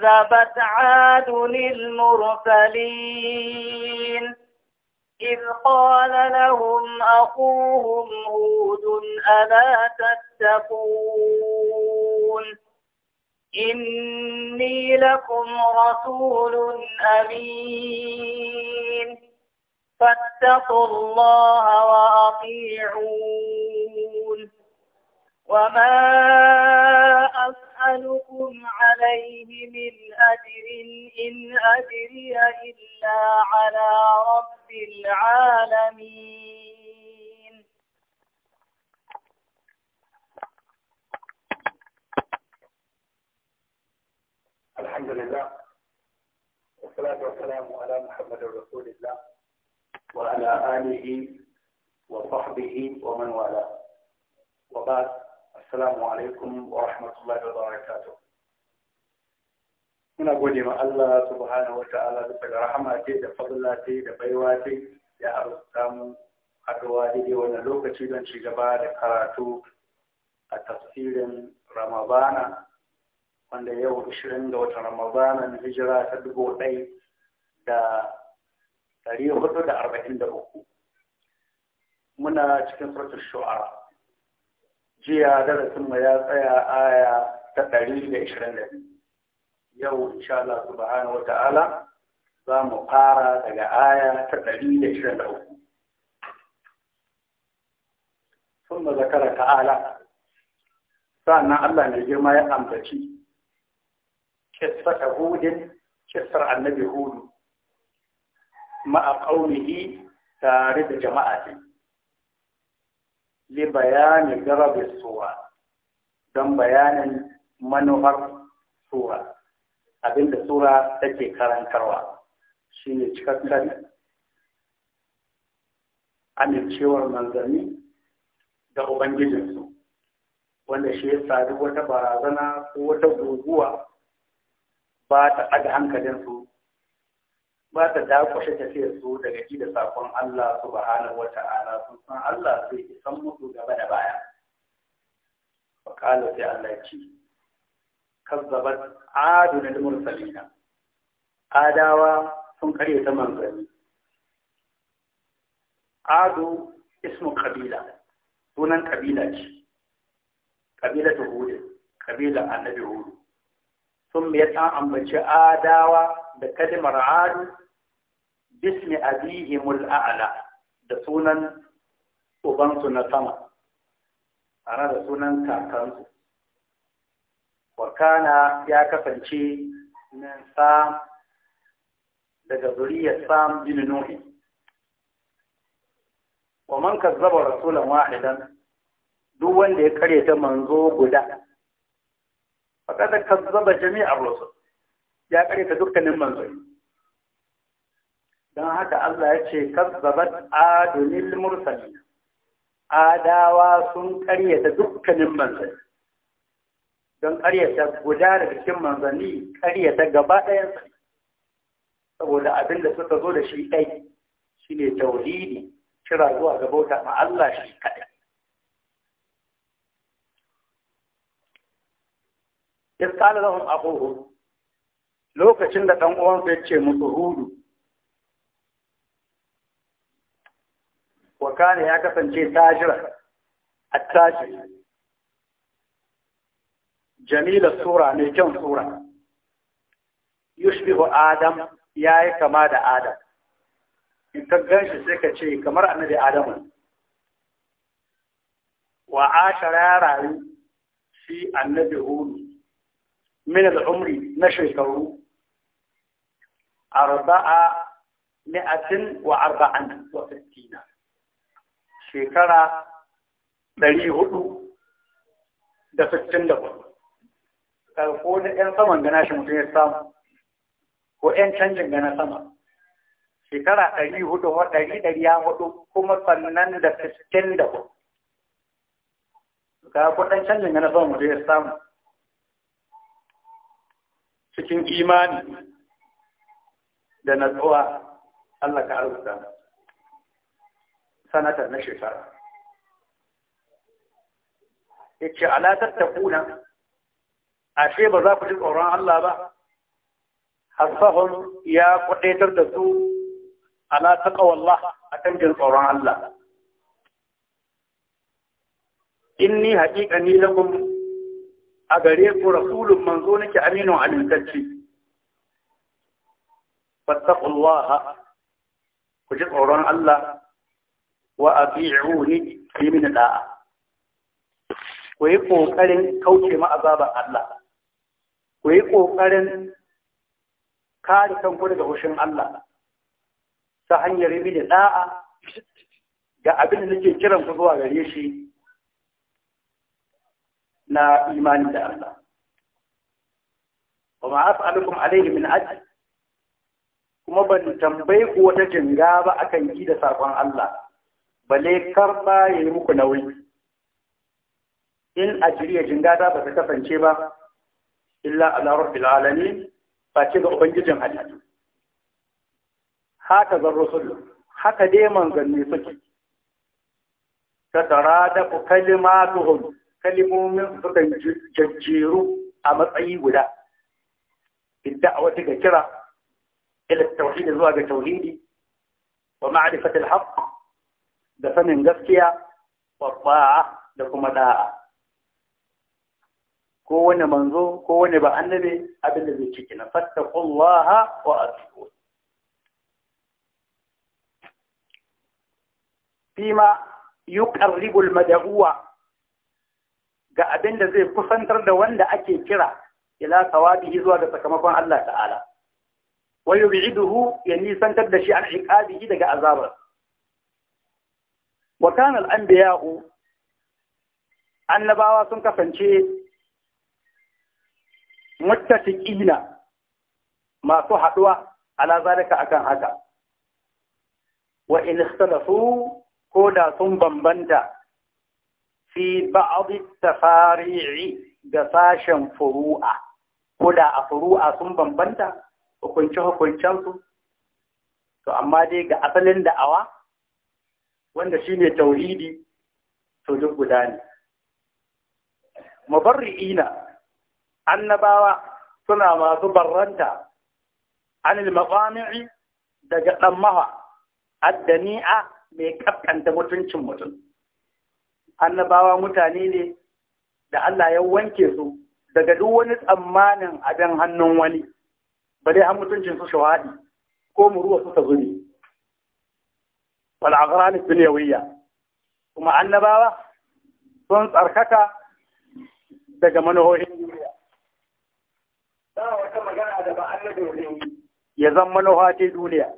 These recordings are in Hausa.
كذبت عاد المرسلين إذ قال لهم أخوهم هود ألا تتقون إني لكم رسول أمين فاتقوا الله وأطيعون وما أصدقون أسألكم عليه من أجر إن أجري إلا على رب العالمين الحمد لله والصلاة والسلام على محمد رسول الله وعلى آله وصحبه ومن والاه وبعد السلام عليكم ورحمة الله وبركاته muna gode ma Allah subhanahu wata'ala bisa ga rahama ce da fadla ce da baiwa ce ya arzuta mu haɗuwa daidai wannan lokaci don ci gaba da karatu a tafsirin Ramadana wanda yau 20 ga watan Ramadana na hijira ta dubu ɗai da ɗari hudu da arba'in da uku muna cikin suratul shu'ara jiya darasin mu ya tsaya aya ta ɗari da ishirin da yau insha Allah subhanahu wa ta'ala za mu fara daga aya ta ɗari da ishirin da uku sun ma zakara ta'ala sa'annan Allah mai girma ya ambaci kisa ta hudin kisar annabi hudu Ma a ƙaunihi tare da jama'a li bayani garabi suwa don bayanin manufar sura abinda sura take karantarwa shine cikakken amincewar manzanni da ubangijinsu wanda shi ya sadu wata barazana ko wata guguwa ba ta ɗaga hankalinsu ba ta dakwashe tafiyar su daga ji da sakon Allah subhanahu wa ta'ala sun san Allah yi isan musu gaba da baya wa kala sai Allah ya ce kazzabat na al-mursalina adawa sun kare ta manzanni adu ismu kabila sunan kabila ce kabila ta hudu kabila annabi hudu sun ya ta ambaci adawa da kalmar adu bismi abihimul a'la da sunan ubansu na sama ana da sunan kakansu wakana ya kasance min sam daga zuriyar sam bin nuhi wa man kazzaba rasulan wahidan duk wanda ya kare ta manzo guda faqad kazzaba jami'ar rusul ya kare ta dukkanin manzo. don haka Allah ya ce kazzabat adunil mursali adawa sun karyata dukkanin manzanni don karyata guda da cikin manzanni karyata gaba ɗayan saboda abin da suka zo da shi ɗai ne tauhidi kira zuwa ga bauta ma Allah shi kaɗai ya tsala lahum lokacin da ɗan uwansa ya ce musu hudu وكان يا كفن شيء تاجر التاجر جميل الصورة نجوم صورة يشبه آدم ياي كما آدم إن تقنش سيكا شيء كما رأنا آدم وعاش يا رأي في النبي من العمر نشوي كورو أربعة مئة وأربعة وستين shekara ɗari hudu da sittin da hudu ko na ‘yan saman gana shi mutum ya samu ko ‘yan canjin gana sama shekara ɗari hudu wa ɗari ɗari ya hudu kuma sannan da sittin da hudu ko ɗan canjin gana sama mutum ya samu cikin imani da natsuwa Allah ka arzuta mu sanata na shekara yace ala ashe ba za ku ji tsoron Allah ba hasahum ya kudaitar da su ala a akan jin tsoron Allah inni ni lakum a gare ku rasulun manzo nake aminu amintacci fattaqullaha ku ji tsoron Allah wa abi'uni yi mini da'a ku yi ƙoƙarin kauce ma Allah ku yi ƙoƙarin kare kanku daga hushin Allah ta hanyar yi mini da'a ga abin da nake kiran ku zuwa gare shi na imani da Allah wa ma as'alukum alayhi min ajr kuma ban tambaye ku wata jinga ba akan yi da sakon Allah bale kar ya yi muku nauyi in ajiriya jingada ba ta kasance ba illa ala rabbil alamin ba ce ga ubangijin halittu haka zan rusul haka dai manzanni suke ta tara da ku kalimatuhum kalimomin su kan jajjeru a matsayi guda idda a wata ga kira ila tauhidi zuwa ga tauhidi wa ma'rifatul haqq da sanin gaskiya babba da kuma da'a wani manzo ko wani ba annabi abin da zai ciki na fattaqullaha wa atiqu fima yuqarribu al ga abinda zai kusantar da wanda ake kira ila sawabihi zuwa ga sakamakon Allah ta'ala wa yub'iduhu ya nisantar da shi an iqabihi daga azabar wa kana annabawa sun kasance muttafiqina masu haɗuwa. ala zalika akan haka wa in ikhtalafu ko da sun bambanta fi ba'd tafari'i da sashen furu'a ko da a furu'a sun bambanta hukunce hukuncensu to amma dai ga asalin da'awa wanda shine tauhidi to duk guda ne mubarri'ina annabawa suna masu barranta anil maqami'i daga ɗan maha addani'a mai ƙafƙanta mutuncin mutum annabawa mutane ne da Allah ya wanke su daga duk wani tsammanin abin hannun wani ba dai har mutuncin su shawadi ko ruwa su ta zuri wal aqran dunyawiyya kuma annabawa sun tsarkaka daga manohohin duniya ba wata magana da ba annabi ya zama manoha ta duniya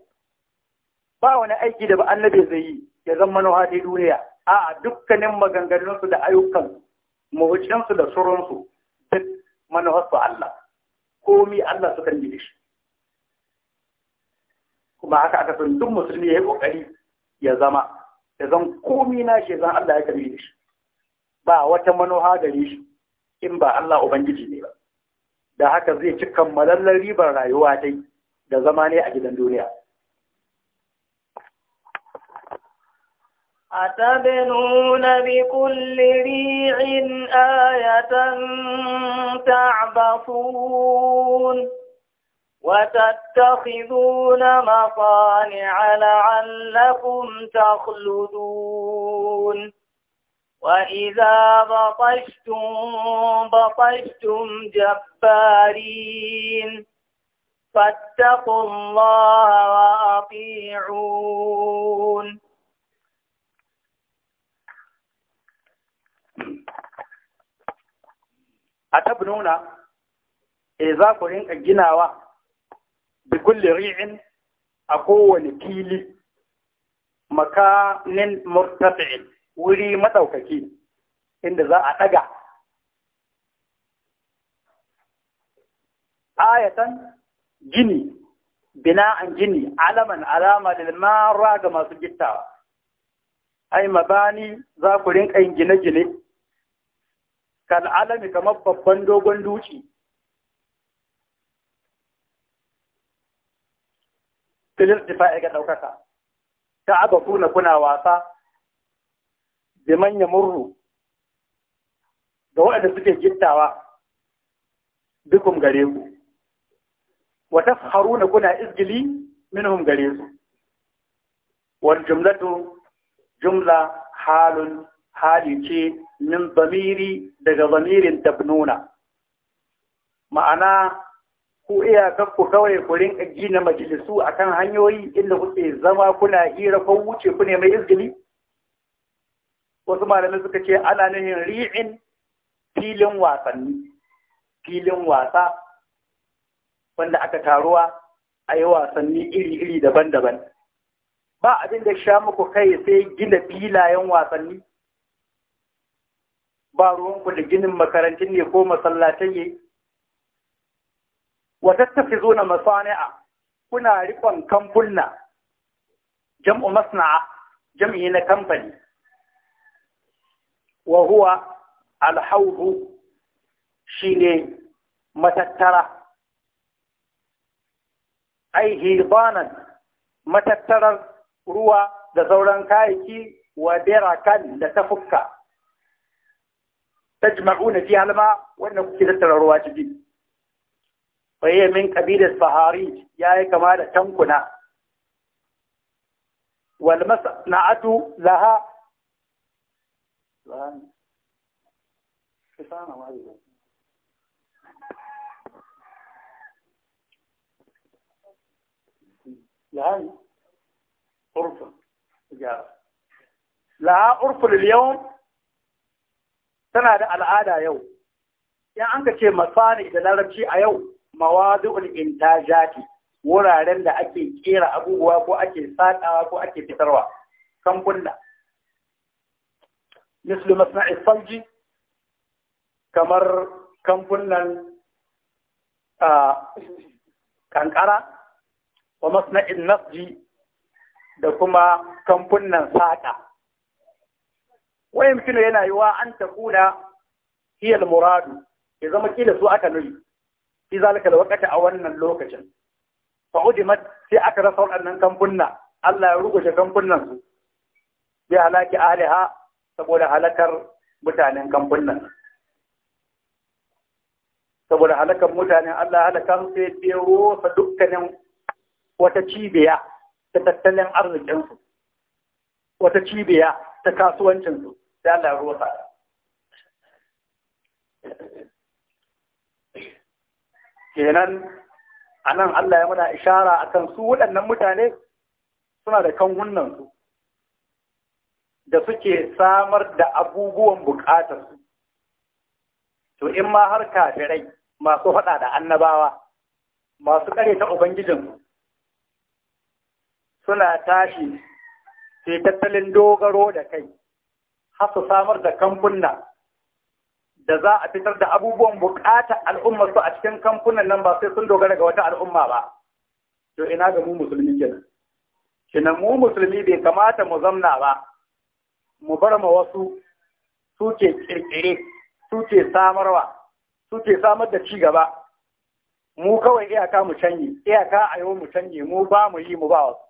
ba wani aiki da ba annabi zai yi ya zama manoha ta duniya a dukkanin maganganunsu da ayyukan mahucinsu da surunsu duk manoharsu Allah ko komi Allah sukan yi shi kuma haka aka san duk musulmi ya yi kokari ya zama ya zan komi na shi zan Allah ya karbi da shi ba wata manoha gare shi in ba Allah ubangiji ne ba da haka zai ci kammalallar ribar rayuwa dai da zama ne a gidan duniya أتبنون بكل ريع آية تعبثون وتتخذون مصانع لعلكم تخلدون وإذا بطشتم بطشتم جبارين فاتقوا الله وأطيعون أتبنون إذا قلنا جناوة bi kulli a kowane fili makanin murtafi'in wuri matsaukaki inda za a ɗaga ayatan gini bina'an gini alaman alama da mara ga masu gittawa ai mabani za ku rinka yin gine-gine kan alami kamar babban dogon duki. filin difa'i ga ɗaukaka, ta aba kuna kuna wasa, da manya murru, da waɗanda suke gittawa, bikum gare ku, wata haruna kuna izgili minhum gare su, wani jumlatu jumla halun hali ce min zamiri daga zamirin tabnuna, ma'ana ku iyakar ku kawai ku rinka gina majalisu akan hanyoyi inda kuke zama kuna hira ko wuce ku nemi wasu malamai suka ce ana nufin ri'in filin wasanni filin wasa wanda aka taruwa a yi wasanni iri-iri daban-daban ba abin da sha muku kai sai gina filayen wasanni ba ruwanku da ginin makarantun ne ko masallatai ne wa na masani'a kuna rikon kamfunna jam'u masna'a jam'i na kamfani wa huwa shi shine matattara ai hirbanan matattarar ruwa da sauran kayayyaki wa kan da tafukka tajma'una fi alma wannan kuke tattara ruwa ciki وهي من قبيلة فهاريج ياهي إيه كمالة تنكنا والمسنعة لها لهان أرفا لها أرفا لليوم سنة على العادة يوم يعني عندك مصاني إذا لا رمشي يوم mawadu'ul intajati wuraren da ake kera abubuwa ko ake sakawa ko ake fitarwa kamfuna mislu masna'i salji kamar kamfunan kankara wa masna'i nasji da kuma kamfunan saƙa. Wayan kilo yana yi wa an ta kuna hiyar muradu, ya zama kila su aka nuri. Shi zalika da wakata a wannan lokacin fa udimat sai aka rasa waɗannan kamfunna Allah ya rubuce kamfunnan su bi halaki aliha saboda halakar mutanen kamfunnan saboda halakar mutanen Allah ya halakan sai ya rusa dukkanin wata cibiya ta tattalin arzikinsu wata cibiya ta kasuwancinsu sai Allah ya rusa kenan a nan Allah ya mana ishara a kan su waɗannan mutane suna da kanhunnansu da suke samar da abubuwan buƙatar su to in ma har kafirai masu faɗa da annabawa masu kare ta ubangijin suna tashi ke tattalin dogaro da kai har su samar da kunna. da za a fitar da abubuwan bukata al'ummar su a cikin kamfunan nan ba sai sun dogara ga wata al'umma ba to ina ga mu musulmi kenan kenan mu musulmi bai kamata mu zamna ba mu bar ma wasu su ke kirkire su ke samarwa su ke samar da ci gaba mu kawai iyaka mu canye iyaka a yau mu canye mu ba mu yi mu ba wasu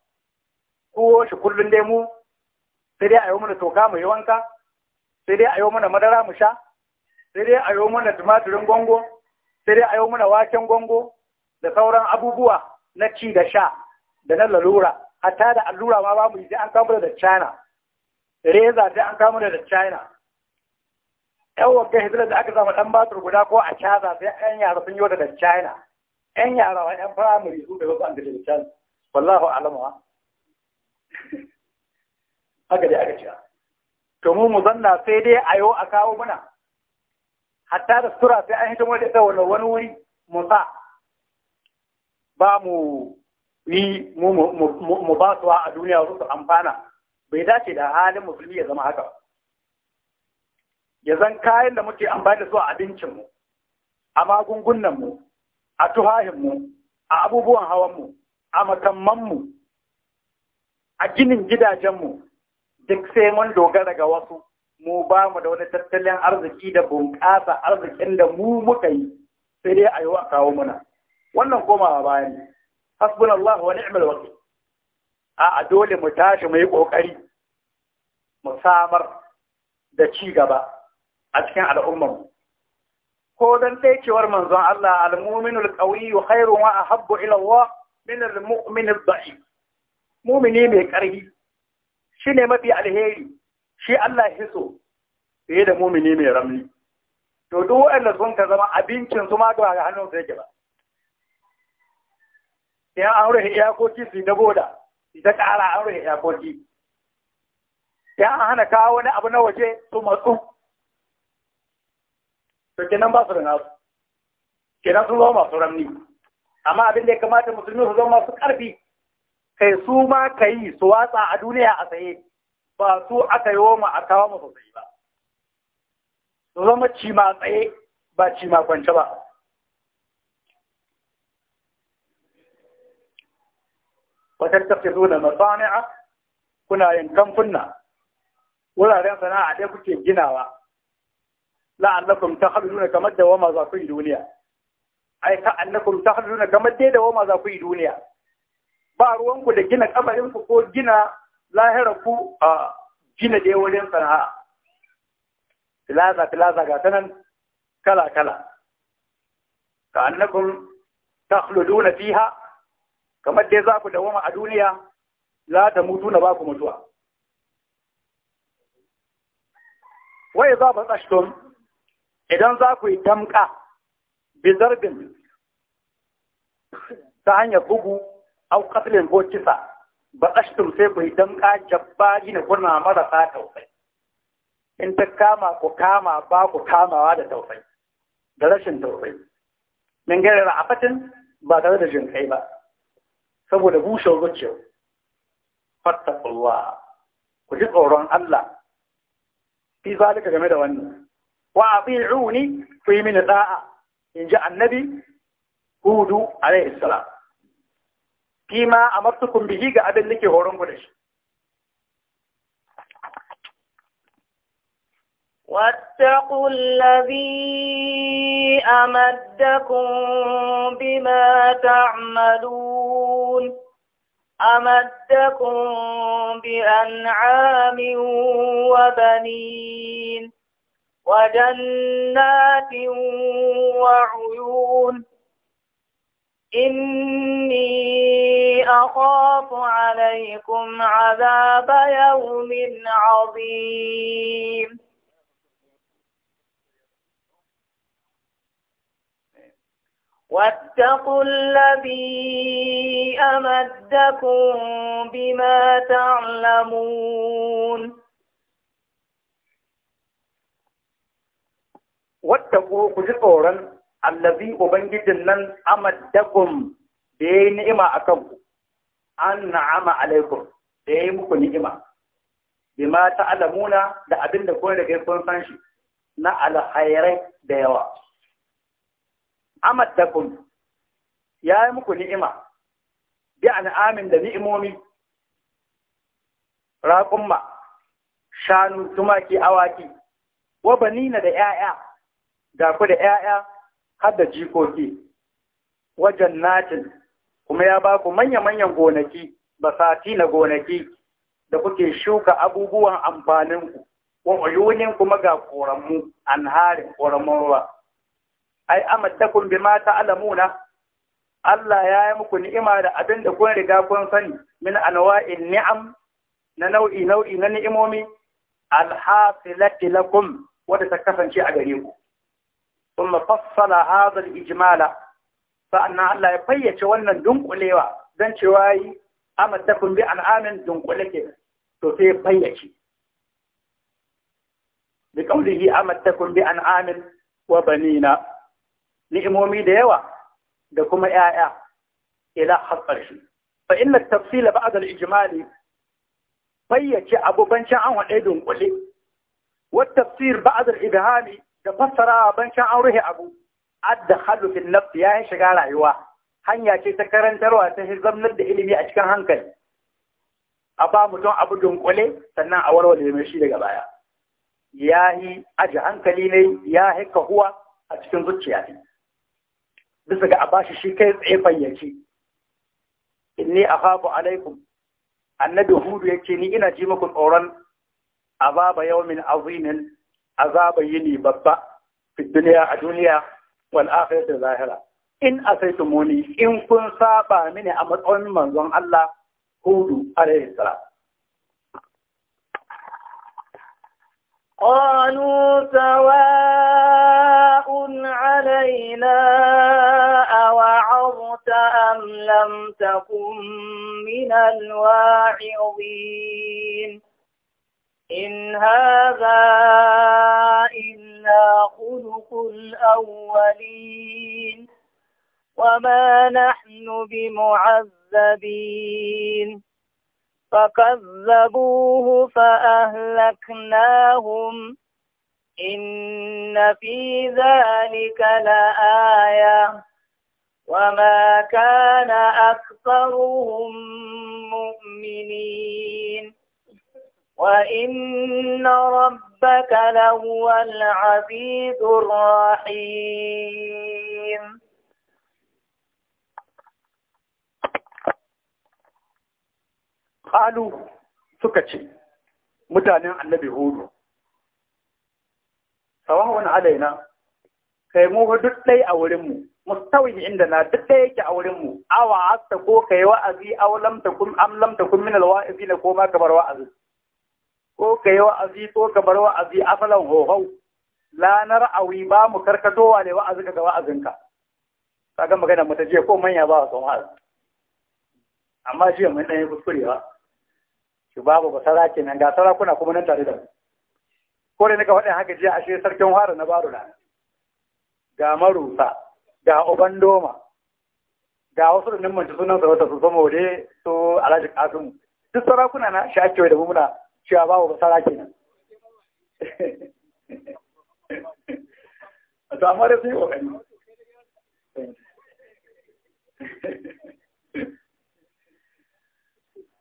ko shi kullum dai mu sai dai a yau mana toka mu yi wanka sai dai a yau mana madara mu sha sai dai a yi mana tumaturin gongo sai dai a yi mana waken gongo da sauran abubuwa na ci da sha da na lalura hatta da allura ma ba mu yi sai an kama da china reza sai an kama da china yan wakil hijira da aka zama ɗan batur guda ko a caza sai yan yara sun yi wata da china yan yara wa yan firamare su da wasu an da can, wallahu alamu haka dai aka ce to mu mu zanna sai dai a yau a kawo mana hatta da sutura sai an hidimar da ita wani wuri Musa, ba mu yi mu ba su a duniya wasu amfana bai dace da halin musulmi ya zama haka ya zan kayan da muke amfani da su a abincinmu a magungunanmu a tuhahinmu a abubuwan hawanmu a makammanmu a ginin gidajenmu duk sai mun dogara ga wasu mu ba mu da wani tattalin arziki da bunƙasa arzikin da mu muka yi sai dai a yi wa kawo muna wannan komawa bayan. ne Allah wa ni'mal wasu a dole mu tashi mu yi ƙoƙari mu samar da ci gaba a cikin al'ummar ko don cewar manzon Allah al-mu'minu al-qawiyyu khairun wa ahabbu ila Allah min al-mu'min al-da'if mu'mini mai ƙarfi shine mafi alheri shi Allah so fiye da mumini mai ramli to duk waɗanda sun ka zama abincin su ma ga hannun su yake ba aure an rufe iyakoki su na boda su ta ƙara an rufe iyakoki yan an hana kawo wani abu na waje su matsu to kenan ba su da nasu kenan sun zama masu ramni amma abin da ya kamata musulmi su zama masu ƙarfi kai su ma ka yi su watsa a duniya a tsaye ba su aka yi woma a kawo mu sosai ba su zama cima tsaye ba cima kwanci ba وتتخذون مصانع kuna yin kamfunna wuraren sana'a ɗaya kuke ginawa la'allakum takhluduna kamar da wama za ku yi duniya ai ta annakum takhluduna kamar dai da wama za ku yi duniya ba ruwanku da gina kabarin ku ko gina lahira ku a gina dai wurin sana'a filaza filaza ga ta nan kala kala ka na fi fiha kamar dai za ku dawama a duniya za ta mutu na ba mutuwa wai za ba tsashton idan za ku yi bi bizarbin ta hanyar bugu au ko kisa ba ƙashin sai bai damƙa yi na kuna sa tausai in ta kama ku kama ba ku kamawa da tausayi. da rashin tausai min gare afatin ba tare da jin kai ba saboda bushe zuciya fattakullah ku ji tsoron Allah fi zalika game da wannan wa abi'uni fi yi mini da'a in ji annabi hudu alaihi salam fima amartukum bihi ga abin nake horon ku da shi واتقوا الذي أمدكم بما تعملون أمدكم بأنعام وبنين وجنات وعيون إني أخاف عليكم عذاب يوم عظيم واتقوا الذي أمدكم بما تعلمون واتقوا قجل allazi ubangijin nan amaddakum da yayi ni'ima a kanku, an na'ama alaikum da yayi muku ni'ima bima ta'lamuna da abin da da kun san na alkhairai da yawa amaddakum yayi muku ni'ima bi an'amin da ni'imomi raƙumma shanu tumaki awaki wa banina da 'ya'ya ga ku da 'ya'ya har da jikoki wajen natin kuma ya ba ku manya-manyan gonaki basati na gonaki da kuke shuka abubuwan amfaninku wa uyunin kuma ga koranmu an harin koranmun ruwa ai amattakun bi mata alamuna Allah ya yi muku ni'ima da abin da kun riga kun sani min anwa'in ni'am na nau'i nau'i na ni'imomi alhasilati lakum wadda ta kasance a gare ku ثم فصل هذا الإجمال فأن الله يفيت وانا دنقليوا dan cewa yi amattakun bi al'amin dunkule ke to sai fayyace bi kaulihi amattakun bi al'amin wa banina ni'imomi da yawa da kuma ‘ya'ya ila hatsar shi fa inna tafsila ba ijimali fayyace an dunkule tafsir ba da fassara bankin an ruhe abu adda halu fil nafs ya yi shiga rayuwa hanya ce ta karantarwa ta zamnar da ilimi a cikin hankali a ba mutum abu dunkule sannan a warware mai shi daga baya ya yi aji hankali ne ya yi kahuwa a cikin zuciya ne bisa ga a bashi shi kai tsaye fayyace inni akhafu alaikum annabi hudu ya ce ni ina ji muku tsoron azaba yawmin azimin azaba yini babba fi duniya a duniya wal akhirati zahira in asaitumuni in kun saba mini a matsayin manzon Allah hudu alaihi salam قالوا سواء علينا أوعظت أم لم تكن من الواعظين إن هذا إلا خلق الأولين وما نحن بمعذبين فكذبوه فأهلكناهم إن في ذلك لآية وما كان أكثرهم مؤمنين وإن ربك لهو العزيز الرحيم قالوا سكتي متانين النبي هود سواء علينا kai mu duk ɗai a wurinmu mustawin inda na duk ɗai yake a wurinmu awa asta ko kai wa'azi aw lam takum am lam takum min alwa'izina ko ma kabar wa'azi ko ka yi wa'azi ko ka bar wa'azi asalan hohau lanar awi ba mu karkatowa ne wa'azi ka ga wa'azinka kaga magana mu ta je ko manya ba su wa'azi amma shi mun dan yi kuskurewa shi babu ba sarake nan ga sarakuna kuma nan tare da mu ko da nika faɗin haka jiya ashe sarkin fara na baro na ga marusa ga uban doma ga wasu da nimmanci sunan sa wata su zama wade su alhaji kasimu duk sarakuna na shi ake da muna cewa babu basara nan. A amma da su yi kokari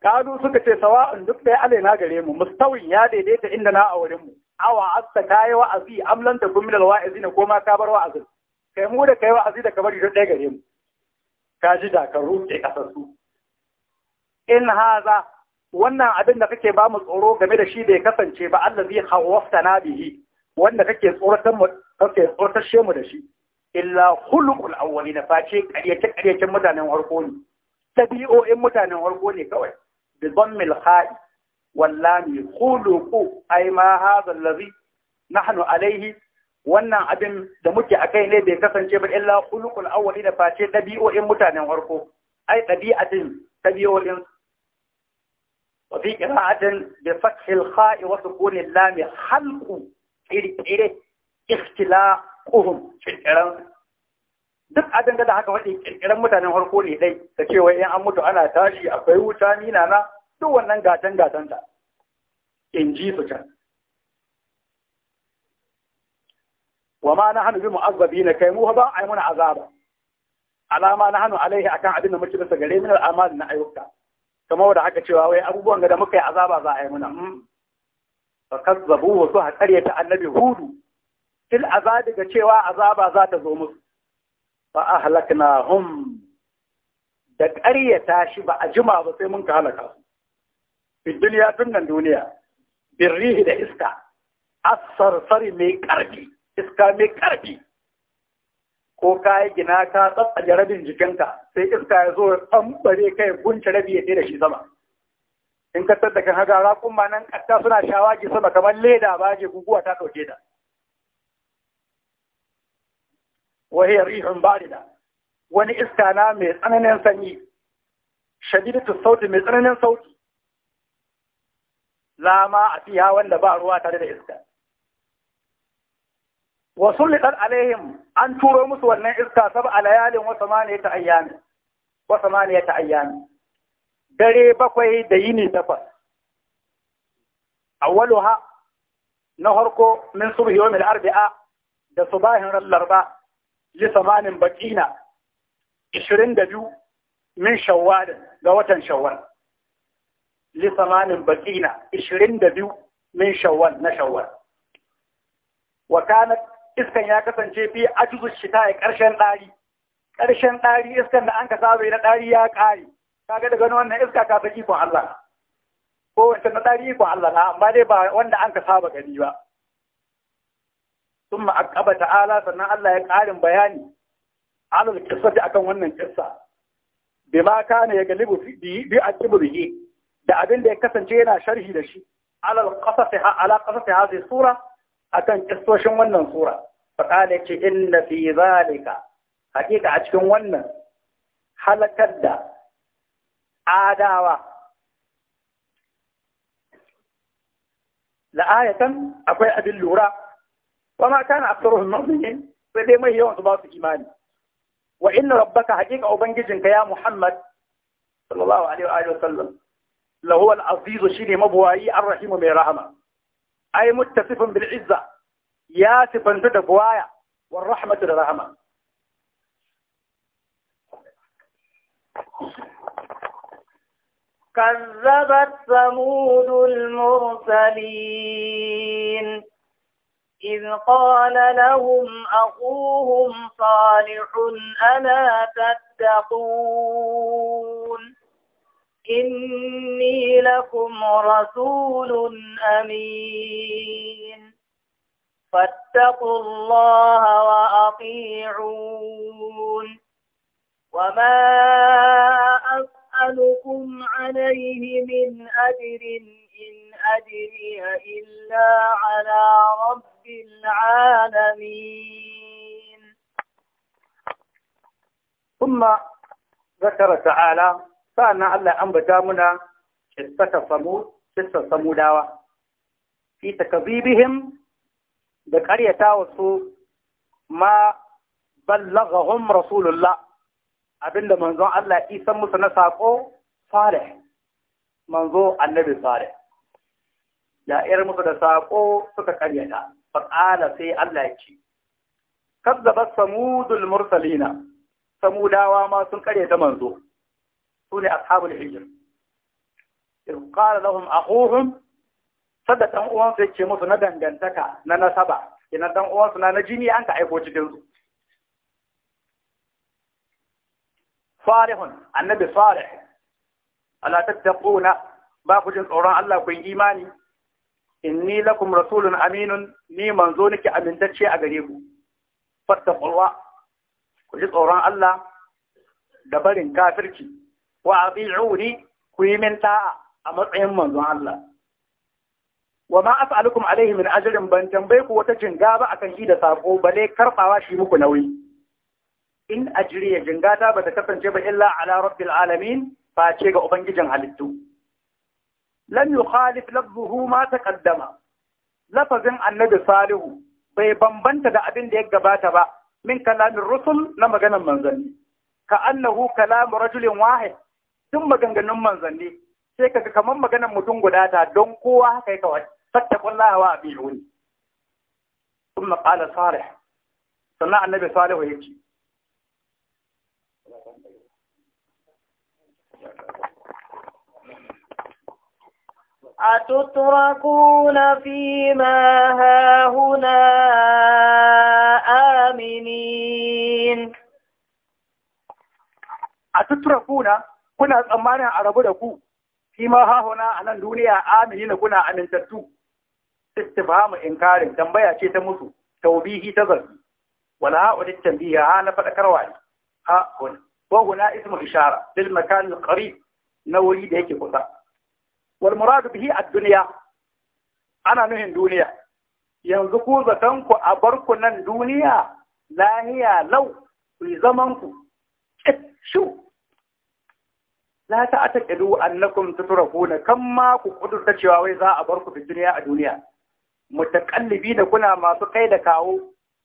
kadu suka ce in duk ɗaya alaina gare mu mustawin ya daidaita inda na a wurin mu awa asta yi wa'azi amlan ta gumin wa'azi na koma ka bar wa'azi kai mu da kai wa'azi da ka bari duk ɗaya gare mu ka ji da ke rufe kasar su in haza wannan abin da kake bamu tsoro game da shi bai kasance ba Allah zai hawafta na bihi wanda kake tsoratar mu kake tsoratar shemu da shi illa khuluqul awwalin face ƙaryace ƙaryacen mutanen harko ne tabi'o'in mutanen harko ne kawai bi dhammil kha'i wallami khuluqu ay ma hadha allazi nahnu alayhi wannan abin da muke akai ne bai kasance ba illa khuluqul awwalin face tabi'o'in mutanen harko ai tabi'atin tabi'o'in وفي قراءة بفتح الخاء وسكون اللام خلق كيري اختلاقهم كيران duk abin da haka waɗi kirkiran mutanen harko ne dai da cewa in an mutu ana tashi akwai wuta nina na duk wannan gatan gatan ta in ji su can wa ma na hannu bi mu'azzabi na kai mu ba a yi muna azaba alama na hannu alaihi akan abin da muke bisa gare min al'amal na ayyuka kamar da aka cewa wai abubuwan da muka yi azaba za a yi muna hmm. fa zabu wa su haƙarya ta annabi hudu fil azabi ga cewa azaba za ta zo musu Ba a halakna hun. da ƙaryata shi ba a jima ba sai mun ka halaka su fil duniya tun nan duniya birrihi da iska asarsari mai ƙarfi iska mai ƙarfi ko ka yi gina ka tsatsaje rabin jikinka sai iska ya zo ya tsambare kai gunce rabi ya da shi sama in ka kan haka raƙun ma nan ƙasa suna shawagi sama kamar leda ba je guguwa ta ɗauke da. wahiyar barida wani iska na mai tsananin sanyi shadidatu sauti mai tsananin sauti lama a fiya wanda ba ruwa tare da iska wa sullitan alaihim an turo musu wannan iska sab alayalin wa samaniyata ayyami wa ta ayyami dare bakwai da yini takwas awwaluha na harko min subhi mil arba'a da subahin ran larba li samanin bakina 22 min shawwal ga watan shawwal li samanin bakina 22 min shawwal na shawwal wa kanat iskan ya kasance fi shi shita a ƙarshen ɗari ƙarshen ɗari iskan da an ka saba na ɗari ya ƙare kaga daga wannan iska ka saki iko Allah ko wancan na ɗari iko Allah na amma dai ba wanda an ka saba gani ba ta'ala sannan Allah ya سنة bayani. Alal بياني akan wannan أكون ونن قصة ya كان يقلب بأجب به da abin da ya kasance yana sharhi da shi alal qasasi ala qasasi hadhihi sura akan kistoshin wannan sura faƙala ce inna fi zalika hakika a cikin wannan halakar da adawa la ayatan akwai abin lura wa ma kana aktaruhum mu'minin sai dai mai yawan su ba su imani wa inna rabbaka hakika ubangijinka ya muhammad sallallahu alaihi wa alihi wa sallam lahu al-aziz shine mabwayi ar-rahim mai rahama أي متصف بالعزة يا سفن بوايا والرحمة للرحمة كذبت ثمود المرسلين إذ قال لهم أخوهم صالح ألا تتقون إني لكم رسول أمين فاتقوا الله وأطيعون وما أسألكم عليه من أجر إن أجري إلا على رب العالمين ثم ذكر تعالى sa'annan Allah ya ambata muna qissata samud samu dawa. fi takzibihim da karyata wasu ma ballaghahum rasulullah abinda manzon Allah isa musu na sako salih manzo annabi salih ya iyar musu da sako suka karyata fa'ala sai Allah ya ce kazzabat samudul mursalina samudawa ma sun karyata manzo سوري أصحاب الحجر إذ قال لهم أخوهم sadda ɗan uwansu yake musu na dangantaka na nasaba ina ɗan uwansu na na jini an ka aiko cikin su farihun annabi farih ala tattaquna ba ku jin tsoron Allah kuyi imani inni lakum rasulun Aminu ni manzo nake amintacce a gare ku fattaqullah ku ji tsoron Allah da barin kafirci wa ati'uni ku yi min ta'a a matsayin manzon Allah wa ma'asa as'alukum alaihi min ajrin ban tambaye ku wata jinga ba akan yi da sako bale karfawa shi muku nauyi in ya jinga ta bata kasance ba illa ala rabbil alamin fa ce ga ubangijin halittu lam yukhalif lafzuhu ma ta taqaddama lafazin annabi salihu bai bambanta da abin da ya gabata ba min kalamin rusul na maganar manzanni ka annahu kalamu rajulin wahid tun maganganun manzanni sai kaga kamar maganar mutum guda ta don kowa haka ya kawai fattakun lahawa a biyu ne sun maƙala salih sannan annabi salihu ya ce أتتركون فيما هاهنا آمنين أتتركون kuna tsammanin a rabu da ku shi ma hahuna a nan duniya amini na kuna amintattu istifhamu inkarin tambaya ce ta musu taubihi ta zargi wala ha'udit tambiya ha na karwa ne ha kun wa huna ismu ishara lil makan qarib na wuri da yake kusa wal muradu bihi ad dunya ana nuhin duniya yanzu ku zakan ku a barku nan duniya lahiya lau ku zaman ku shu la ta ataqidu annakum tutrafuna kam ma ku kudurta cewa wai za a bar ku fi duniya a duniya mutaqallibi da kuna masu kai da kawo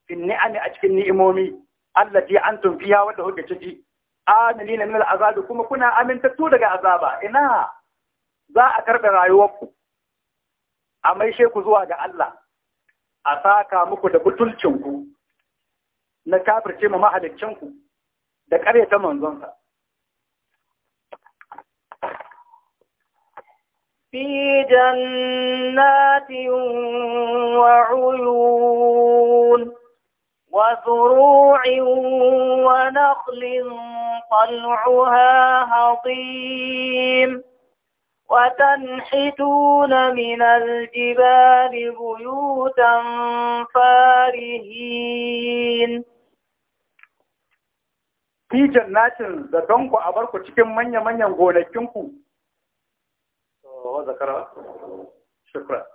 fi ni'ami a cikin ni'imomi allati antum fiha wadda kuke ciki amilina min al'azab kuma kuna amintattu daga azaba ina za a karbe rayuwarku a maishe ku zuwa ga Allah a saka muku da ku na kafirce ma ku da ta manzon manzonsa في جنات وعيون وزروع ونخل طلعها هضيم وتنحتون من الجبال بيوتا فارهين في جنات da donku a barku cikin manya-manyan zakara shukra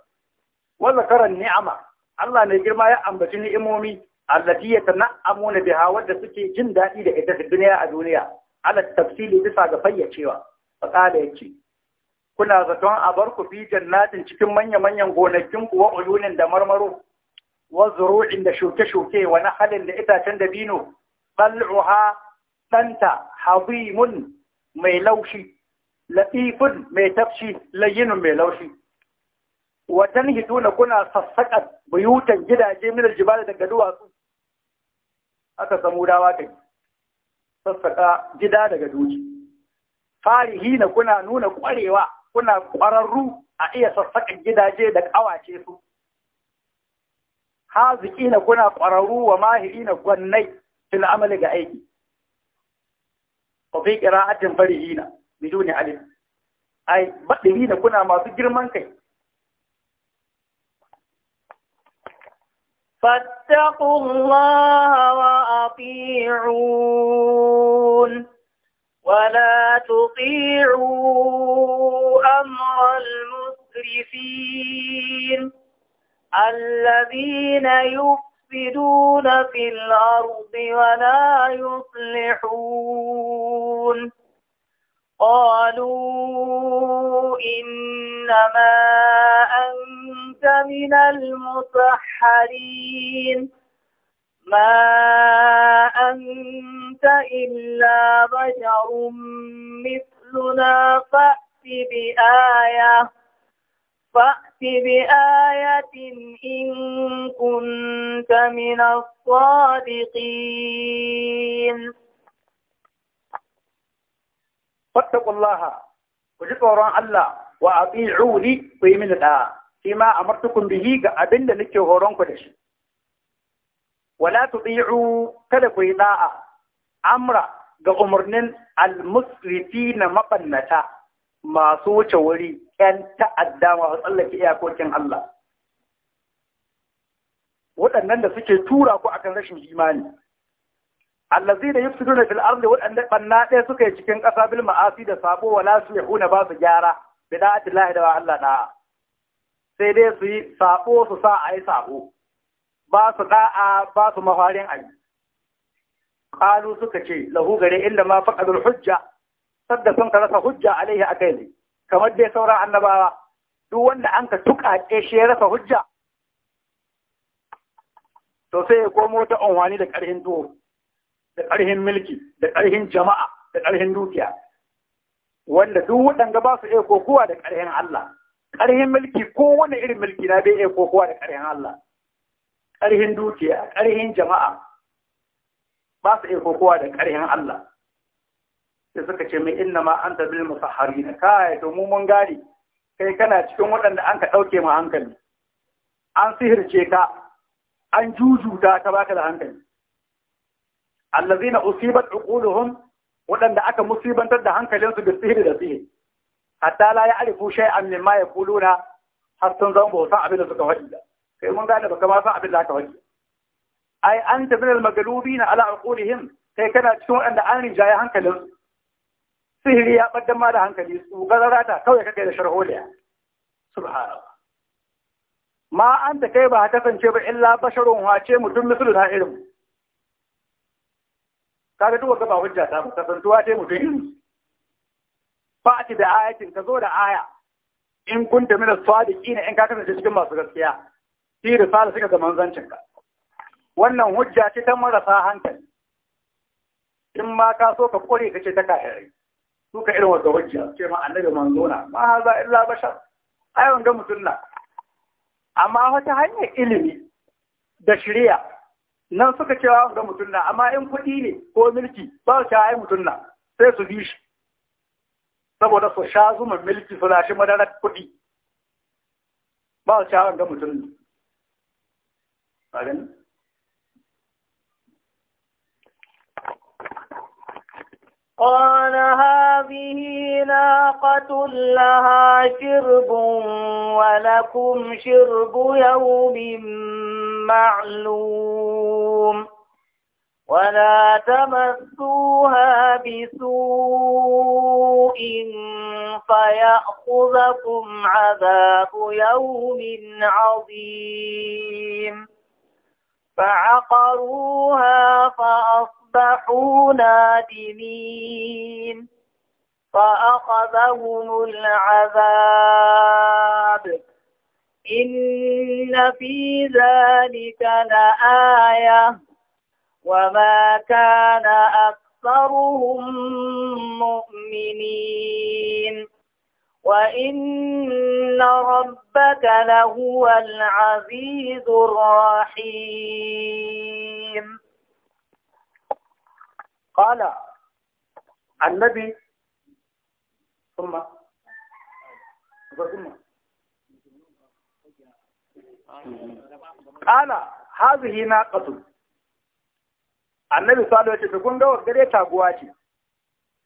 wa ni'ama Allah ne girma ya ambaci ni'imomi allati ya tana amuna biha da suke jin daɗi da ita duniya a duniya ala tafsili bisa ga fayyacewa fa kada yake kuna zaton a bar ku fi jannatin cikin manyan manyan gonakin ku da marmaro wa zuru'in da shuke shuke wa nahalin da itacen can da bino qal'uha tanta habimun mai laushi la'ifun mai tafshi layinun mai laushi watan hituna kuna sassaƙa buyutan gidaje minar jibali daga duwatsu aka samu dawa kai sassaƙa gida daga duji farihi na kuna nuna ƙwarewa kuna ƙwararru a iya sassaƙa gidaje da ƙawace su haziki na kuna ƙwararru wa mahiri na gwannai fil amali ga aiki. Kofi ƙira'atin farihina. بدون علم أي هنا كنا ما في جرمان كي فاتقوا الله وأطيعون ولا تطيعوا أمر المسرفين الذين يفسدون في الأرض ولا يصلحون قالوا إنما أنت من المسحرين ما أنت إلا بشر مثلنا فأت بآية فأت بآية إن كنت من الصادقين fattaqullaha ku ji tsoron Allah wa ati'uni ku yi mini da shi ma amartukum bihi ga abin da nake horon ku da shi wala tuti'u kada ku yi da'a amra ga umarnin almusrifina mabannata masu wuce wuri ƴan ta'adda masu tsallake iyakokin Allah waɗannan da suke tura ku akan rashin imani allazi da yufsidu na fil ardi waɗanda ɓanna ɗaya suka yi cikin ƙasa bil ma'asi da sabo wala su huna ba su gyara bi da'ati lahi da Allah da'a sai dai su yi sabo su sa a yi sabo ba su da'a ba su mafarin ayi qalu suka ce lahu gare illa ma faqadul hujja sadda sun ka rasa hujja alaihi akai ne kamar dai sauran annabawa duk wanda an ka tuƙaƙe shi ya rasa hujja to sai ya komo ta unwani da ƙarfin tuwo da ƙarhin milki, da ƙarhin jama'a da ƙarhin dukiya wanda duk waɗanda ba su iya kowa da ƙarhin Allah ƙarhin milki ko wani irin milki na bai iya kowa da ƙarhin Allah ƙarhin dukiya ƙarhin jama'a ba su iya kowa da ƙarhin Allah sai suka ce mai inna ma anta bil musahharina kai to mu mun gane kai kana cikin waɗanda an ka ɗauke ma hankali an sihirce ka an jujuta ka baka da hankali allazina usibat uquluhum waɗanda aka musibantar da hankalinsu da sihiri da sihiri hatta la ya'rifu shay'an mimma yaquluna har sun zama ba san abin da suka faɗi ba kai mun gane baka ma san abin da aka faɗi ai anta min al-maghlubina ala uqulihim kai kana cikin waɗanda an rinjaye hankalinsu sihiri ya ɓaddan da hankali su gazarata kawai kakai da sharholiya subhanallah ma an da kai ba a kasance ba illa basharun wace mutum misalu na irin kaga duk ba hujja ta ba kasantuwa dai mutum irin ba ta da ayatin ka zo da aya in kunta mina ne in ka kasance cikin masu gaskiya shi risala suka ga manzancin ka wannan hujja ce ta marasa hankali in ma ka so ka kore ka ce ta kai su ka irin wata hujja ce ma annabi manzo na ma haza illa bashar ai wanga mutum amma wata hanyar ilimi da shari'a nan suka ce wa ga mutum amma in kuɗi ne ko milki ba su ce ai sai su bi shi saboda su sha zuman milki su lashe madarar kuɗi ba su ce wa ga mutum قال هذه ناقة لها شرب ولكم شرب يوم معلوم ولا تمسوها بسوء فيأخذكم عذاب يوم عظيم فعقروها فأصبحوا نادمين فأخذهم العذاب إن في ذلك لآية وما كان أكثرهم مؤمنين وإن ربك لهو العزيز الرحيم قال النبي ثم ثم قال هذه ناقة النبي صلى الله عليه وسلم kun ga wa gare taguwa ce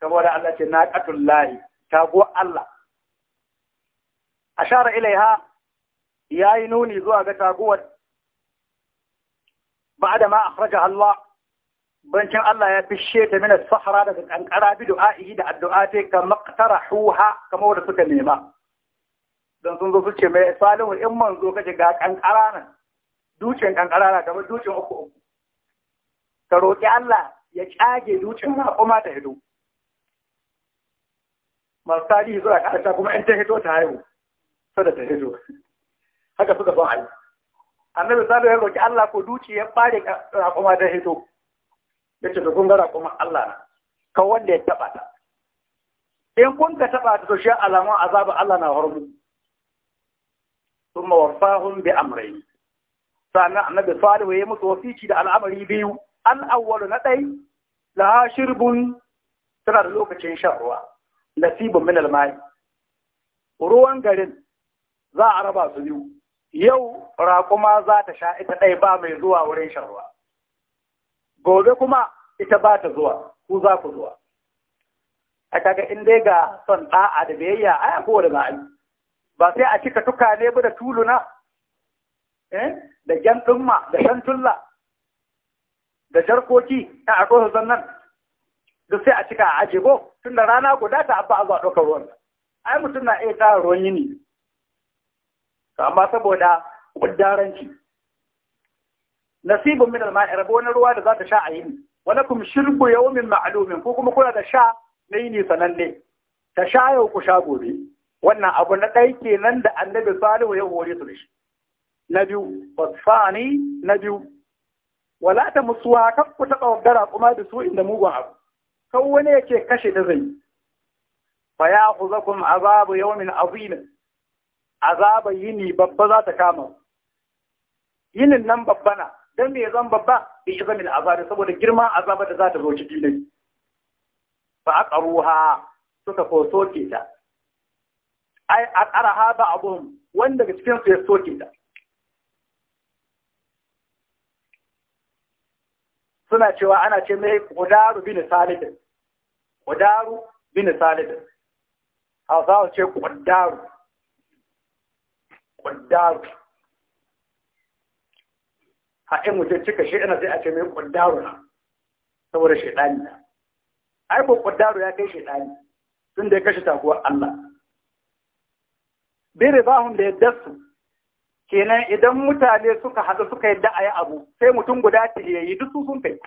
saboda Allah ce naqatul lahi taguwa Allah أشار إليها yayi nuni zuwa ga taguwar ba'da ma akhraja Allah bancin Allah ya fishe ta mina as-sahra daga kankara bi du'a'ihi da addu'ati nema dan sun zo su ce mai salihu in zo kaje ga kankara nan dukin kankara na kamar dukin uku uku ka roƙi Allah ya kyage dukin raƙuma ta hido masu tarihi zuwa ta kuma in ta hito ta haihu sada ta hijo haka suka son ayi annabi salo ya roki Allah ko duci ya bare raƙuma ta hito yace to kun ga raƙuma Allah na ka wanda ya taba ta in kun ka taba ta to shi alamun azabu Allah na harbu thumma waffahum bi amrai. sannan annabi salo ya musu wasiki da al'amari biyu An awwalu na ɗai. la shirbun tana da lokacin shan ruwa nasibun min al-ma'i ruwan garin za a raba su biyu yau raƙuma za ta sha ita ɗaya ba mai zuwa wurin shan gobe kuma ita ba ta zuwa ku za ku zuwa a kaga in dai ga son ɗa'a da biyayya a ko da ma'ai ba sai a cika tukane ba da tuluna eh, da gyan ɗumma da tulla da jarkoki na a ƙosa zannan duk sai a cika a ajiye ko tun da rana guda ta abba a zuwa ɗaukar ruwan ai mutum na iya tara ruwan yini amma saboda wadaranci nasibun min al-ma'i rabo ruwa da za ta sha a yini walakum shirbu yawmin ma'lumin ko kuma kuna da sha na yini sananne ta sha yau ku sha gobe wannan abu na ɗaya kenan da annabi salihu ya hore su da shi na biyu wasfani na biyu wala ta musuwa kan ku taɓa wadara kuma da su inda mugun abu kan wani yake kashe da zai fa ya huzakum azabu yawmin azim azaba yini babba za ta kama yinin nan babba na dan me zan babba bi zamin azabi saboda girman azaba da za ta zo ciki ne fa aqruha suka ko soke ta ai ba abu wanda daga cikin su ya soke ta suna cewa ana ce mai kudaru bin salidin kudaru bin salidin hausawa ce kudaru ƙundaru a ɗin mutum cika shi ɗana sai a ce mai ƙundaru na saboda shaiɗani na aiko ko ƙundaru ya kai shaiɗani tun da ya kashe takuwar Allah bi ribahun da yadda su kenan idan mutane suka haɗu suka yadda a yi abu sai mutum guda tiliyayi duk sun kai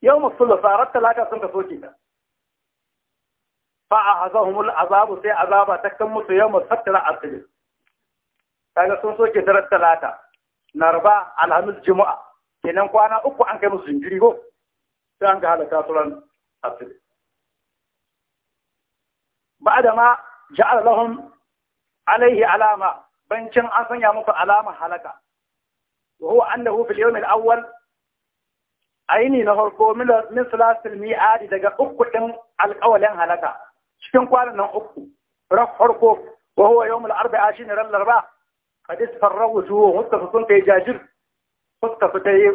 yau musulun tsarar talata sun ka soke ta fa a azahumul azabu sai azaba ta kan musu yau musattara asiri kaga sun soke daren talata narba alhamis juma'a kenan kwana uku an kai musu jinjiri ko sai an ga halaka suran asiri ba da ma ji lahum alaihi alama bancin an sanya musu alama halaka wa huwa annahu fil yawm al-awwal aini na farko min min salatil mi'adi daga uku ɗin alƙawalin halaka cikin kwanan nan uku ran farko wa huwa yawmul arba'a shine ran larba qad isfarrahu shuhu hutta sun kai jajir hutta ta yi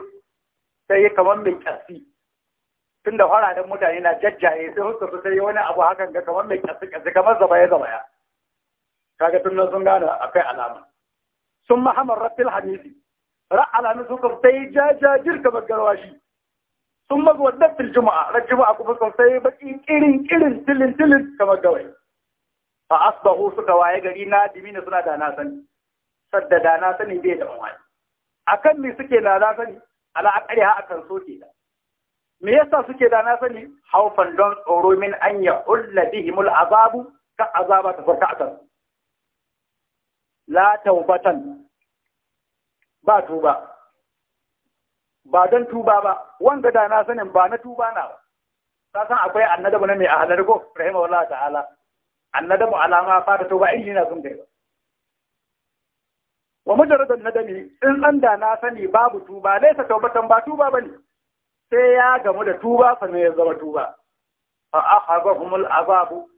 ta yi kamar mai kasi tun fararen mutane na jajjaye sai hutta su ta yi wani abu hakan ga kamar mai kasi kasi kamar zabaya zabaya kaga tun nan sun gane akai alama sun mahamar rabbil hamidi ra'ala nusukum ta yi jajajir kamar garwashi sun mazuwa daftar juma'a na juma'a kuma sun sai baki irin irin tilin tilin kamar gawai fa asbahu suka waye gari na dimina suna da na sani sadda da na sani bai da wani akan me suke da na sani ala akari ha akan soke da me yasa suke da na sani haufan don tsoro min an ya ulla bihimul azabu ka azaba ta farka akan la taubatan ba tuba ba don tuba ba wanda da na sanin ba na tuba na ba ka san akwai annadabu na mai a halar go rahimahullah ta'ala annadabu alama ta tuba in na sun kai ba wa mujarradun nadami in an da na sani babu tuba laisa taubatan ba tuba bane sai ya gamu da tuba ne ya zama tuba fa akhadhahumul azabu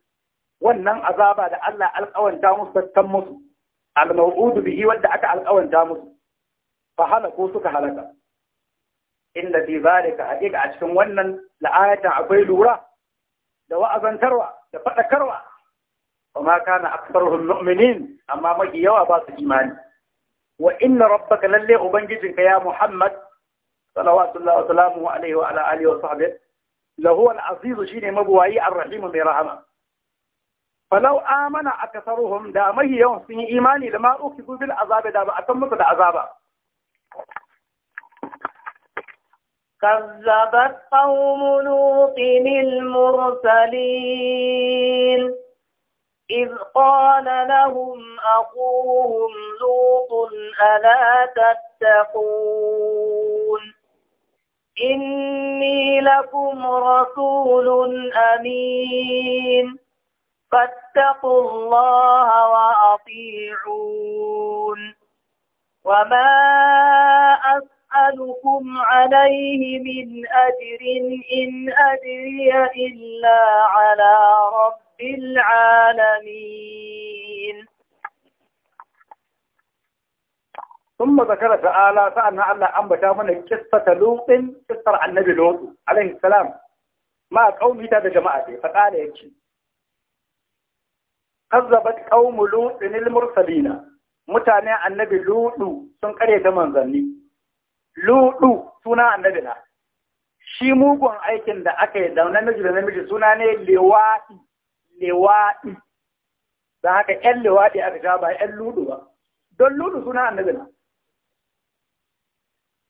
wannan azaba da Allah alƙawanta musu tattan musu al-maw'ud bihi wanda aka alƙawanta musu fa ko suka halaka inda fi zalika haƙiƙa a cikin wannan la'ayatan akwai lura da wa'azantarwa da faɗakarwa wa ma kana aktsaruhum mu'minin amma mafi yawa ba su imani wa inna rabbaka lalle ubangijinka ya muhammad salawatullahi wa salamuhu wa ala alihi wa sahbihi lahu al shine mabuwayi ar-rahim mai rahama falau amana akasaruhum da yawan sun yi imani da ma ukizu bil azab da ba akan musu da azaba كذبت قوم لوط المرسلين إذ قال لهم أخوهم لوط ألا تتقون إني لكم رسول أمين فاتقوا الله وأطيعون وما أسلم أسألكم عليه من أجر إن أجري إلا على رب العالمين ثم ذكر تعالى فأنا ألا أنبتا من قصة لوط قصة عن النبي لوط عليه السلام ما قومه هذا جماعته فقال يكشي كذبت قوم لوط المرسلين متانع النبي لوط sun karyata manzanni ludu suna annabi na shi mugun aikin da aka yi daunar namiji da namiji suna ne lewaɗi-lewaɗi. da haka yan lewaɗi aka sha ba yan ludu ba don ludu suna annabi na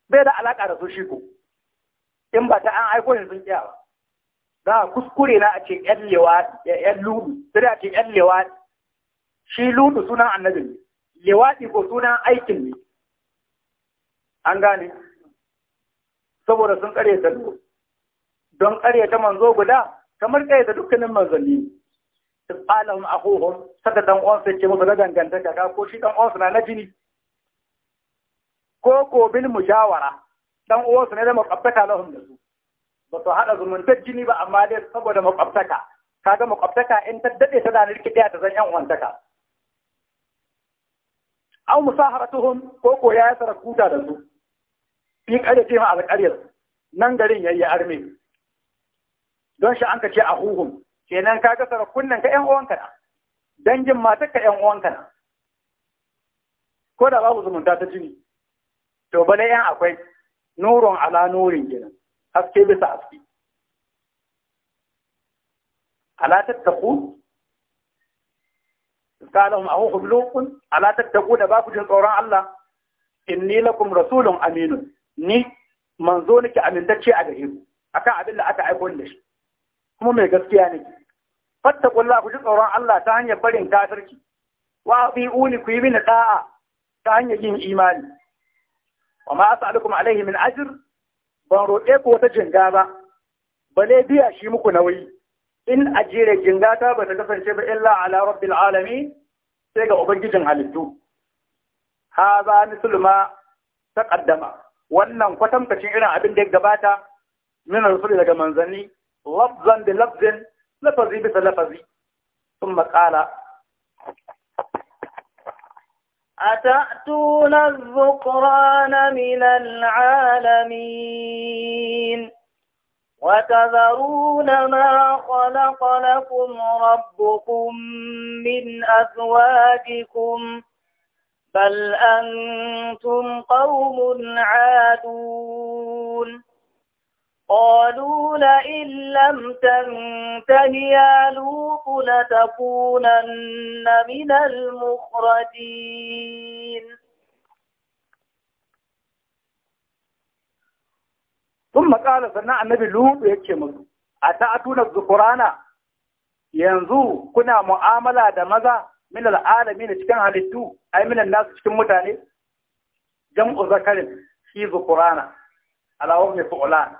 bai da alaƙa da su shi ko in ba ta an aiko shi sun kiyawa za a kuskure na a ce yan lewaɗi, yan ludu sai a ce yan lewaɗi. shi ludu suna annabi ne lewadi ko suna aikin ne an gane saboda sun kare ta don kare ta manzo guda kamar kare da dukkanin manzanni tsalahum ahuhum saka dan uwan sai ce musu na dangantaka ka ko shi dan uwan na na jini ko ko bil mujawara dan uwan ne da makwabtaka lahum da su ba su hada zumuntar jini ba amma dai saboda makwabtaka kaga makwabtaka in ta dade ta da rikidaya ta zan yan uwantaka aw musaharatuhum ko ko ya yasara kuta da su in ƙarya ce ma alƙaryar nan garin ya yi arme don shi an ka ce a huhun kenan ka ga sarakunan ka ƴan uwanka na dangin mata ka ƴan uwanka na ko da babu zumunta ta jini to bane ƴan akwai nurun ala nurin gidan haske bisa haske ala tattaku tattaku da babu jin tsoron Allah inni lakum rasulun Aminu. ni manzo nake amintacce a gare ku akan abin da aka aiko da shi kuma mai gaskiya Fatta kula ku ji tsoron Allah ta hanyar barin kafirki wa uni ku yi mini da'a ta hanyar yin imani wa ma as'alukum alaihi min ajr ban roƙe ku wata jinga ba bale biya shi muku nauyi in ajire jinga ta ba ta kasance ba illa ala rabbil alamin sai ga ubangijin halittu ni sulma ta kaddama. wannan kwatankacin irin abin da ya gabata min rasul daga manzanni lafzan da lafzin lafazi bisa lafazi sun maƙala أتأتون الذكران من العالمين وتذرون ما خلق لكم ربكم من أزواجكم بل أنتم قوم عادون قالوا لئن لم تنته يا لوط لتكونن من المخرجين ثم قال سنة النبي لوط يكي مزو أتأتون الذكرانا ينزو كنا معاملة دمزا min al'alamin cikin halittu ai min nasu cikin mutane jam'u zakarin shi zukurana ala wani fu'ulan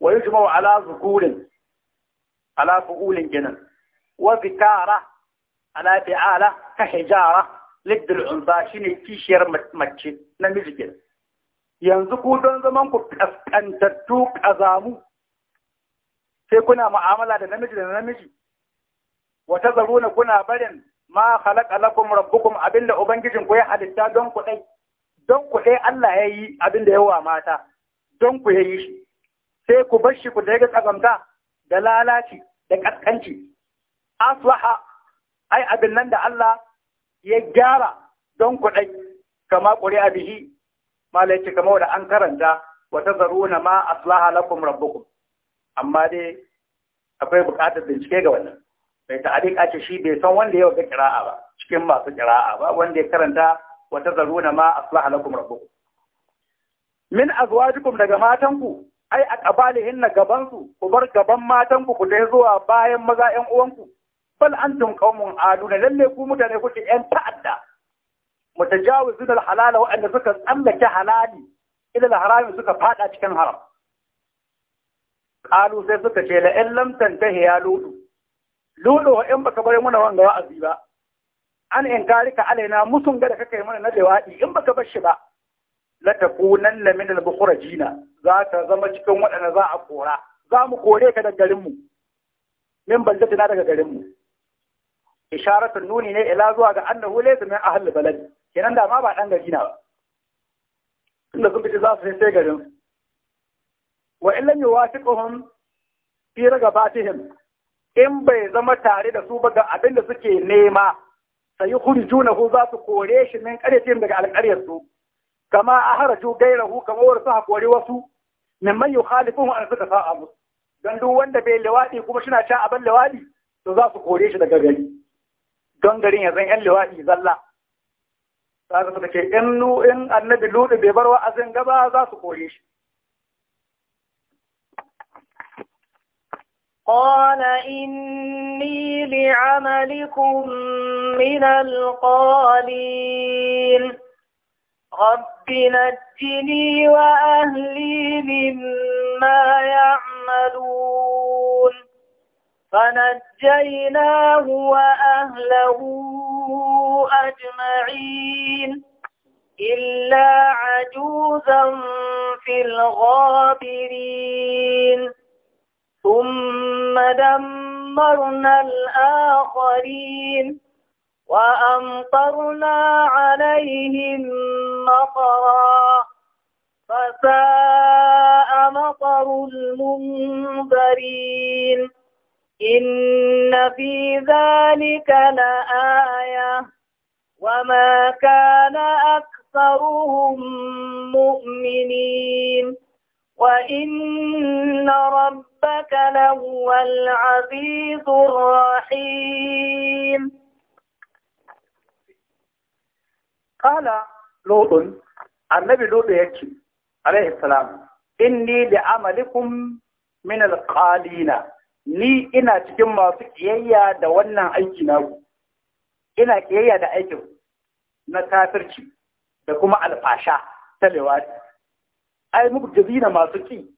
wa yujma'u ala zukurin ala fu'ulin ginin wa zikara ala fi'ala ka hijara liddul shi ne kishiyar mace namiji ginin yanzu ku don zaman ku kaskantattu kazamu sai kuna mu'amala da namiji da namiji wata zaruna kuna barin ma khalaqa lakum rabbukum abinda ubangijin ku ya halitta don ku dai don ku dai Allah ya yi abinda ya wa mata don ku yayi shi sai ku bar shi ku daga tsagamta da lalaci da kaskanci aslaha ai abin nan da Allah ya gyara don ku dai kama qur'a bihi malai kama kamar da an karanta wa tazaruna ma aslaha lakum rabbukum amma dai akwai bukatar bincike ga wannan mai adika ce shi bai san wanda ya ga kira'a ba cikin masu kira'a ba wanda ya karanta wata zaruna ma aslaha lakum rabbukum min azwajikum daga matanku ai a kabalihin na gabansu ku bar gaban matanku ku dai zuwa bayan maza ƴan uwanku bal antum qaumun aduna lalle ku mutane kuke ƴan ta'adda mutajawizun da halala waɗanda suka tsallake halali ila al suka fada cikin haram qalu sai suka ce la illam tantahi ya lutu lulu in baka bar muna wanga wa'azi ba an in garika alaina musun ga da kake mana na jawabi in baka bar shi ba la takunan la min al bukhrajina za ta zama cikin wadanda za a kora za mu kore ka daga garin mu min na daga garin mu isharatun nuni ne ila zuwa ga annahu laysa min ahli balad kenan da ma ba dan garina ba tunda sun fice za su sai garin wa illam yuwafiquhum fi ragabatihim in bai zama tare da su ba ga abin da suke nema sai yukhrijunahu za su kore shi min qaryatihim daga alƙaryar su kama a gaira gairahu kama wani suka kore wasu min mai yukhalifuhu an suka sa'a musu dan duk wanda bai lawadi kuma suna ta abin lawadi to za su kore shi daga gari don garin ya zan yan lawadi zalla za su take in annabi ludu bai bar wa'azin gaba za su kore shi قال إني لعملكم من القالين رب نجني وأهلي مما يعملون فنجيناه وأهله أجمعين إلا عجوزا في الغابرين ثم دمرنا الآخرين وأمطرنا عليهم مطرا فساء مطر المنذرين إن في ذلك لآية وما كان أكثرهم مؤمنين وإن رب ربك لهو العزيز الرحيم قال لوط النبي لوط يكي عليه السلام إني لعملكم من القالين ni ina cikin masu kiyayya da wannan aiki na ku ina kiyayya da aikin na kafirci da kuma alfasha ta lewati ai muku jazina masu ki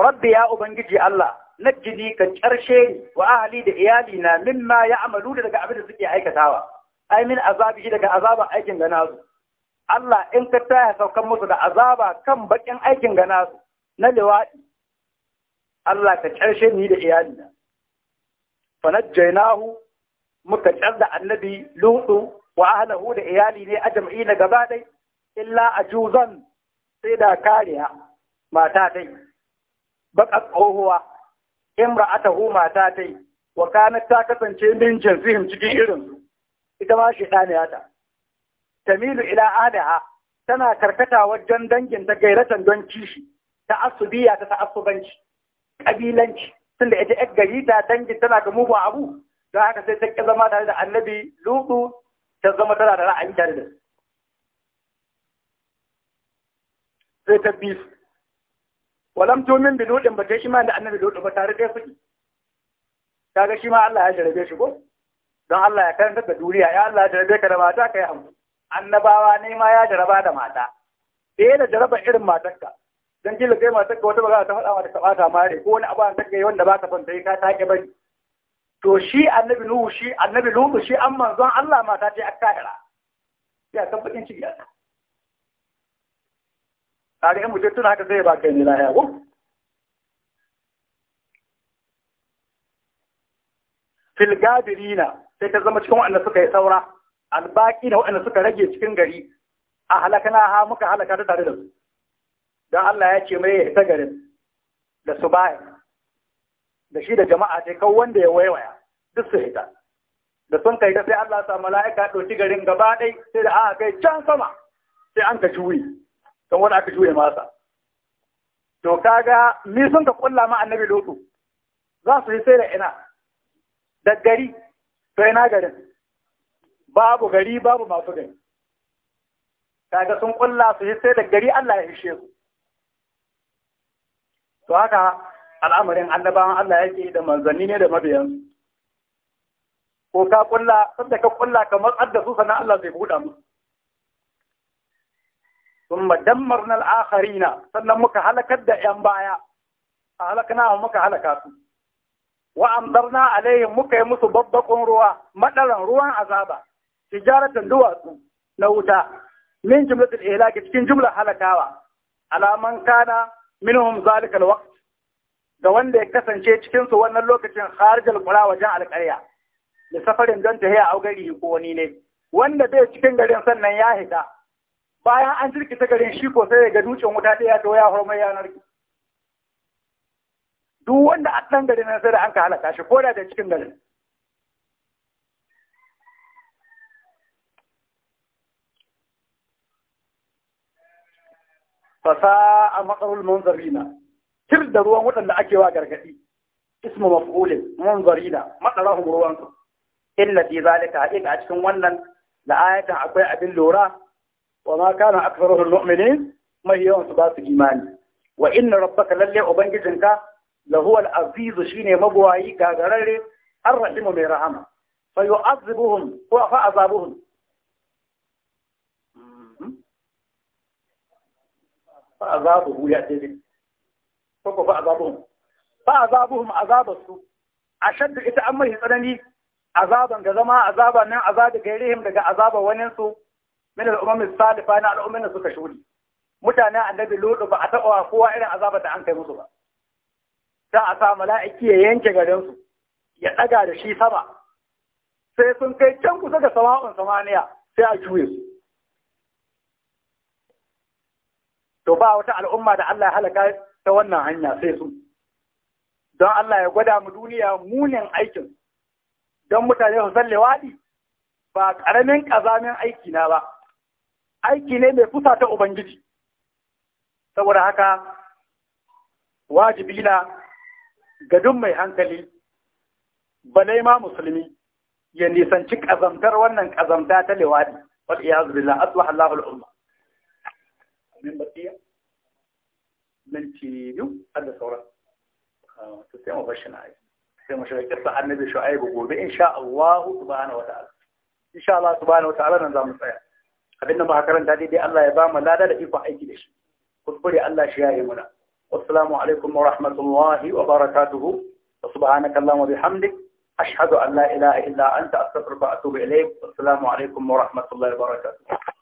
rabbi ya ubangiji Allah jini ka karshe ni wa ahali da iyali na mimma ya amalu daga abin da suke aikatawa ai min azabi daga azaba aikin da nasu Allah in ka taya saukan musu da azaba kan bakin aikin ga nasu na liwaɗi Allah ka karshe ni da iyali na fa najjaynahu muka da annabi lutsu wa ahlahu da iyali ne a jam'i na gaba dai illa juzan sai da kariya mata dai baka tsohuwa imra'atahu mata ta yi wa kana ta kasance min jinsihim cikin irin su ita ma shedaniya ta tamilu ila adaha tana karkata wajen dangin ta gairatan don kishi ta asubiya ta ta'assubanci kabilanci tunda ita yar gari ta dangin tana ga mugun abu don haka sai ta ƙi zama tare da annabi lutu ta zama tana da ra'ayi tare da sai ta bi su walam to min bi lodin ba ta shi ma da annabi lodin ba tare da kuɗi kaga shi ma Allah ya jarabe shi ko don Allah ya karanta da duniya ya Allah ya jarabe ka da mata kai hamu annabawa ne ma ya jaraba da mata sai da jaraba irin matarka dan kila kai matarka wata ba za ta faɗa mata ka bata mare ko wani abu an kai wanda baka son sai ka take bari to shi annabi nuhu shi annabi lutu shi an manzon Allah mata ce akka dara ya tabbatin ciki Allah kaga in mutum tuna haka zai ba kai ne lahiya ko fil gabirina sai ta zama cikin waɗanda suka yi saura albaƙi da waɗanda suka rage cikin gari a halakana ha muka halaka ta tare da su don Allah ya ce mai ya ta garin da su baya da shi da jama'a ce kawai wanda ya waiwaya duk su hita da sun kai ta sai Allah sa mala'ika ɗauki garin gaba ɗai sai da aka kai can sama sai an ka juyi don wani aka juye masa to kaga ni sun ka kulla ma annabi lutu za su yi sai da ina da gari to ina garin babu gari babu masu gari kaga sun kulla su yi sai da gari Allah ya ishe su to haka al'amarin annabawan Allah yake da manzanni ne da mabiyan ko ka kulla sanda ka kulla ka matsar da su sannan Allah zai buɗa musu thumma dammarna al-akharina sannan muka halakar da yan baya a halakna muka halaka su wa amdarna alaihim muka yi musu babbakon ruwa madaran ruwan azaba tijaratan duwatsu na wuta min jumlatul ihlaki cikin jimla halakawa alaman kana minhum zalika alwaqt ga wanda ya kasance cikinsu wannan lokacin kharijal qura wajen alƙarya da safarin don ta haya ko wani ne wanda zai cikin garin sannan ya hita bayan an jirkita garin shi ko sai ga dutsen wuta ɗaya to ya hormai yanar duk wanda a ɗan garin nan sai da an ka halaka shi ko da da cikin garin fasa a makarul na. kir da ruwan waɗanda ake wa gargaɗi ismu maf'ulin munzarina matsarahum ruwansu illa fi zalika haƙiƙa a cikin wannan la'ayatan akwai abin lura wa maka kana aktharuhum mu'minin mai yawan su ba su imani wa inna rabbaka lalle ubangijinka lahu al-aziz shine magwayi gagararre ar-rahim mai rahama fa yu'azzibuhum wa fa azabuhum hmm. fa azabuhu ya dai ko fa azabuhum fa ita tsanani azaban zama azaban nan azabi gairihim daga azaba waninsu min al'ummin salifa na al'ummin da suka shuri mutane annabi lodo ba a taɓa kowa irin azabar da an kai musu ba za a sa mala'iki ya yanke garinsu ya ɗaga da shi sama sai sun kai can kusa da sama'un samaniya sai a juye su to ba wata al'umma da Allah ya halaka ta wannan hanya sai su don Allah ya gwada mu duniya munin aikin don mutane su san lewadi ba ƙaramin ƙazamin aiki na ba aiki ne mai kusa ta ubangiji saboda haka wajibi na ga mai hankali balai ma musulmi ya nisanci kazamtar wannan kazamta ta lewadi wal ya billah asbah Allahu al-umma min baqiya minti biyu har da sauran ah, to sai mu bashi na aiki sai mu shiga kissa annabi shu'aibu gobe insha Allah subhanahu wa ta'ala insha Allah subhanahu wa ta'ala nan za mu tsaya abin da muka karanta daidai Allah ya ba mu lada da ikon aiki da shi kuskure Allah shi yayi muna wassalamu alaikum wa rahmatullahi wa barakatuhu wa subhanaka allahumma bihamdik ashhadu an la ilaha illa anta astaghfiruka wa atubu ilaik wassalamu alaikum wa rahmatullahi wa barakatuhu.